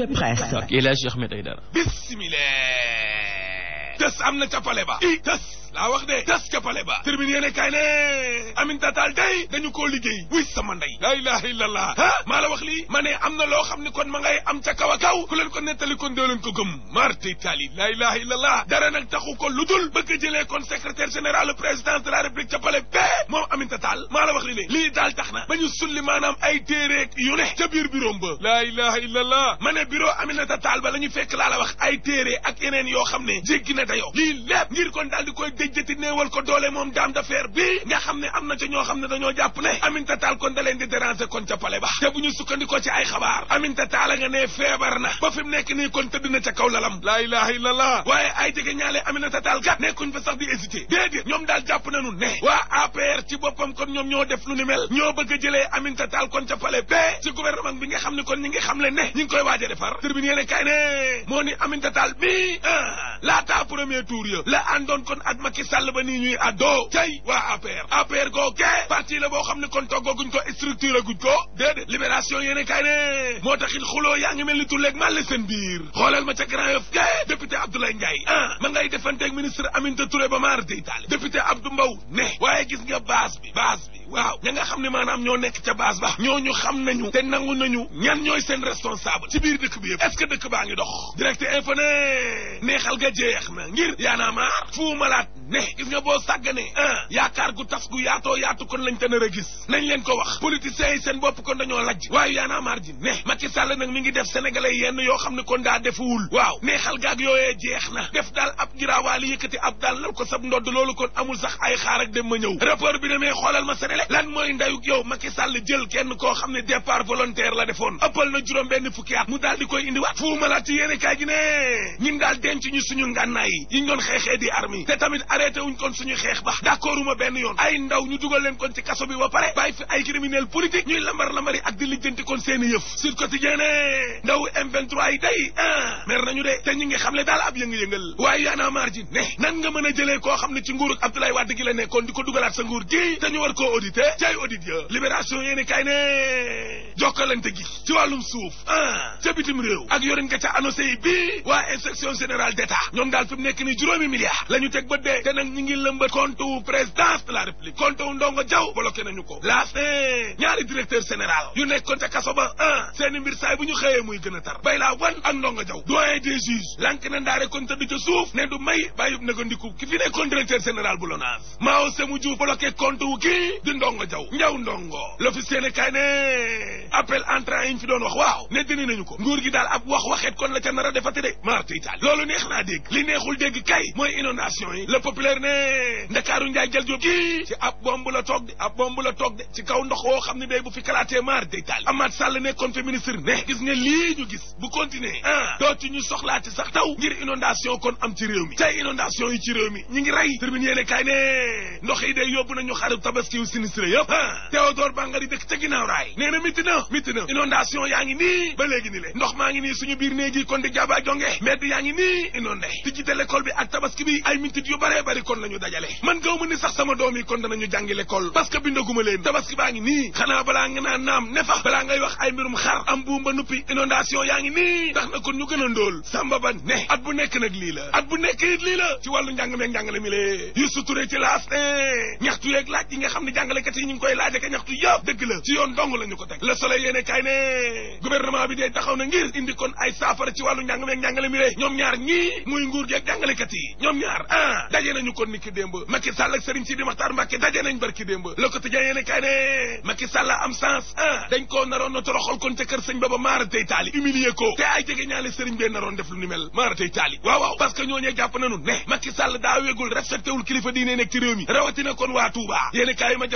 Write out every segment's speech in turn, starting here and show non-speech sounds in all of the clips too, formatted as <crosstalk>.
de presse ak El Hadji Ahmed Aïdara bismillah des am na ca pale ba i des laa wax de tas ca pale ba tribune yéene kaay ne Aminata Tall day dañu koo liggéey wuy sama ndey laa ilaha illallah ah maa la wax lii ma ne am na loo xam ni kon ma ngay am ca kaw a kaw ku leen ko nettali kon doo leen ko gëm marte tali laa ilaha illallah dara nag taxu ko lu dul bëgg jëlee kon secrétaire général présidence de la république ca pale bee taal maa la wax li ne lii daal tax na ba ñu sulli maanaam ay téereek yu ne ca biir bureau ba laa ilaha illallah ma ne bureau Aminata Taal ba la ñu fekk laa la wax ay téere ak yeneen yoo xam ne jéggi na dayoo lii lépp ngir kon daal di koy déjjati néewal ko doole moom daam d'affaire bi nga xam ne am na ca ñoo xam ne dañoo jàpp ne Aminata Taal kon da leen di déranger kon ca pale ba te bu ñu sukkandikoo ci ay xabaar Aminata Taal a nga ne feebar na ba fi mu nekk nii kon tëdd na ca kaw lalam laa ilaha illallah waaye ay jege ñaale Aminata Taal kat nekkuñ fa sax di hésiter déedéet ñoom daal kon ñoom ñoo def lu ni mel ñoo bëgg a jëlee Aminata Tall kon ca palais bee ci gouvernement bi nga xam ne kon ñi ngi xam le ne ñi ngi koy waaj a defar tribune yéene kay ne moo ni Aminata Tall bi laata premier tour ya la àndoon kon ak Macky Sall ba nii ñuy àddoo cay waa APR APR googe parti la boo xam ne kon toggooguñ ko structure guñ ko déedéet libération yéene kay ne moo taxit xuloo yaa ngi mel ni tulleeg màlle seen biir xoolal ma ca Grand Yoff ge député Abdoulaye Ndiaye ah ma ngay defanteeg ministre Aminata ba maar day taale député Abdou Mbow ne waaye gis bi Basbi. waaw ña nga xam ni maanaam ñoo nekk ca base ba ñooñu xam nañu te nangu nañu ñan ñooy seen responsable ci biir dëkk bi yëpp est-ce que dëkk baa ngi dox direct info ne neexal ga jeex na ngir yaanaa maar fuu malaat ne gis nga boo sàggane ah yaakaar gu tas gu yaatoo yaatu kon lañ te nar a gis nañ leen ko wax politiciens yi seen bopp kon dañoo lajj waaye yaanaa maar ji ne Macky Sall nag mi ngi def sénégalais yenn yoo xam ne kon daa defuwul waaw neexal gaag yooyee jeex na def daal ab giraawaali yëkkati ab daal lal ko sab ndodd loolu kon amul sax ay xaar ak dem ma ñëw rapport bi demee xoolal ma jàppale lan mooy ndayuk yow Macky Sall jël kenn koo xam ne départ volontaire la defoon ëppal na juróom benn fukki mu daal di koy indiwaat fuumalaat ci yéene kaay ne ñun daal denc ñu suñu ngànnaay yi ñu xeexee di armi te tamit arrêté wuñ kon suñu xeex ba d'accorduma benn yoon ay ndaw ñu dugal leen kon ci kaso bi ba pare bàyyi fi ay criminel politique ñuy lambar lambari ak di lijjanti kon seeni yëf Sud Quotidien ne ndaw m yi day ah mer nañu de te a audité cay audit ya libération yéeni gi ci wàllum suuf ah ca bitim réew ak yorin nga ca annoncé yi bii waa inspection générale d'état ñoom daal fi mu nekk ni juróomi milliards la ñu teg ba dee te nag ñu ngi lëmba compte wu présidence de la république compte wu ndongo jaw bloqué nañu ko laas ne ñaari directeur général yu nekkoon ca kaso ba ah seeni mbir saay bu ñu xëyee muy gën a tar bay laa wan ak ndongo jaw doyen des juges lank na ndaare kon tëdd ca suuf ne du may bàyyub nagandiku ki fi nekkoon directeur général bu lonaas maa mu Diouf bloqué compte wu kii ndongo jaw njaw ndongo l'officier ne appel entrant yi ñu fi doon wax waaw ne dini nañu ko nguur gi daal ab wax waxet kon la ca nar a defati de marti itaali loolu neex naa dégg li neexul dégg kay mooy inondation yi le populaire ne ndakaaru njaay jël jóob gi ci ab bomb la toog de ab bomb la toog de ci kaw ndox woo xam ne day bu fi kalaatee marti itaali Amath Sall nekkoon fi ministre ne gis nga lii ñu gis bu continuer ah dootu ñu soxlaati sax taw yi mi ñi ngi rey tribune yéene ministre yëpp ah. Théodore Bangari dëkk ca ginnaaw raay nee na inondation yaa ngi nii ba léegi ni le ndox maa ngi nii suñu biir néeg yi kon di jaaba jonge mbedd yaa ngi nii inondé ti jite l'école bi ak tabaski bi ay mintit yu baree bari kon la ñu dajale man gaw ma ni sax sama doom yi kon danañu jàngi l'école parce que bindaguma leen tabaski baa ngi nii xanaa balaa nga naan naam ne fa balaa ngay wax ay mbirum xar am buum ba nuppi inondation yaa ngi nii tax na kon a ndóol samba ba ne at bu la at nga xam ne jàngalekat yi ñu ngi koy laaj ak ñaxtu yëpp dëgg la ci yoon dong la ko teg ay saafara ci wàllu njàng mi ree ñoom ñaar ñii muy nguur gi ak jàngalekat ñoom ñaar ah daje nañu kon niki démb Macky Sall ak Serigne Sidi Makhtar daje nañ barki démb Le Quotidien yéene kaay ne Macky Sall am sens ah dañ koo naroon na toroxal kon ca kër sëñ Baba maara tey taali humilier ko te ay jege ñaale Serigne bee naroon def lu ni mel maara tey taali waaw waaw parce que ñooñee jàpp nañu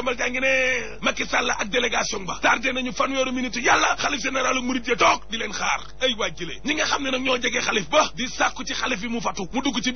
jàmbal jaa ngi ne Macky Sall ak délégation ba tardé nañu fanweeru minute yàlla xalif général murid ay wàjjile ñi ba di sàkku ci xalif bi mu fatu mu dugg ci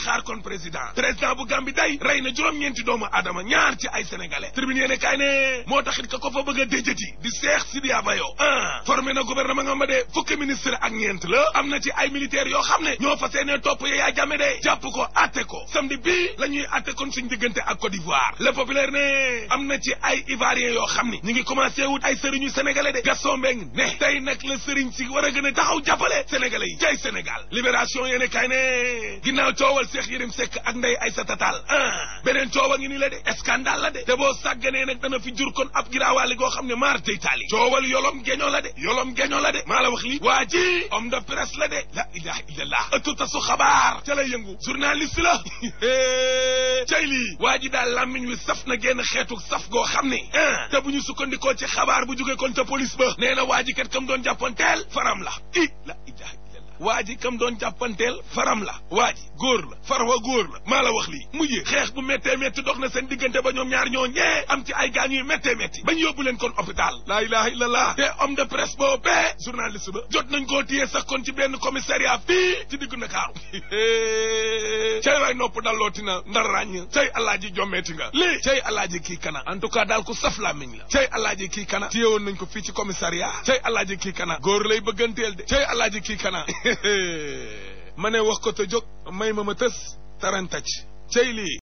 xaar kon président président bu Gambie day rey na juróom-ñeenti doomu aadama ñaar ci ay sénégalais tribune yéene kaay ne moo taxit ka ko fa bëgg a déjati di Cheikh Sidiya Bayo ah formé na gouvernement nga de fukki ministre ak ñeent la am na ci ay ay yoo xam ne ñoo fas yéene topp Yaya Jammeh de jàpp ko atte ko samedi bii la ñuy atte kon suñu diggante ak Côte d'Ivoire le populaire ne am na ci ay ivoiriens yoo xam ni ñu ngi commencé wut ay sëriñu sénégalais de Gaston Mbengue ne tey nag la sëriñ si war a gën a taxaw jàppale sénégalais yi jay Sénégal libération yéene kay ne ginnaaw coowal Cheikh Yérim Seck ak Ndeye Aïssata Tall ah beneen coowa ngi ni la de scandale la de te boo sàgganee nag dana fi jur kon ab giraawaale goo xam ne maar tey taali coowal yolom geñoo la de yolom geñoo la de maa la wax li waa ji homme de presse la ilaha illallah ëttu tasu xabaar ca lay yëngu journaliste la <laughs> cay lii waa ji daal làmmiñ wi saf na génn xeetu saf goo xam ni ah te bu ñu sukkandikoo ci xabaar bu jóge kon ca police ba nee na waa ji kat kam doon jàppoonteel faram la i la ilaha waa ji kam doon jàppanteel faram la waa ji góor la farwa góor la maa la wax lii mujjee xeex bu méttee métti dox na seen diggante ba ñoom ñaar ñoo ñee am ci ay gaañ yu méttee métti bañ yóbbu leen kon hôpital laa ilaha illallah te homme de presse boobee journaliste ba jot nañ koo téyee sax kon ci benn commissariat fii ci diggu Ndakaaru <laughs> cay waay nopp dallooti na ndar ràññ cay alaaji jommeeti nga lii cay alaaji kii kana en tout cas daal ku saf làmmiñ la cay alaaji kii kana téyewoon nañ ko fii ci commissariat cay alaaji kii kana góor lay bëgganteel de cay kii kana <laughs> <laughs> ma ne wax ko te jóg may ma ma tës tarantac cey lii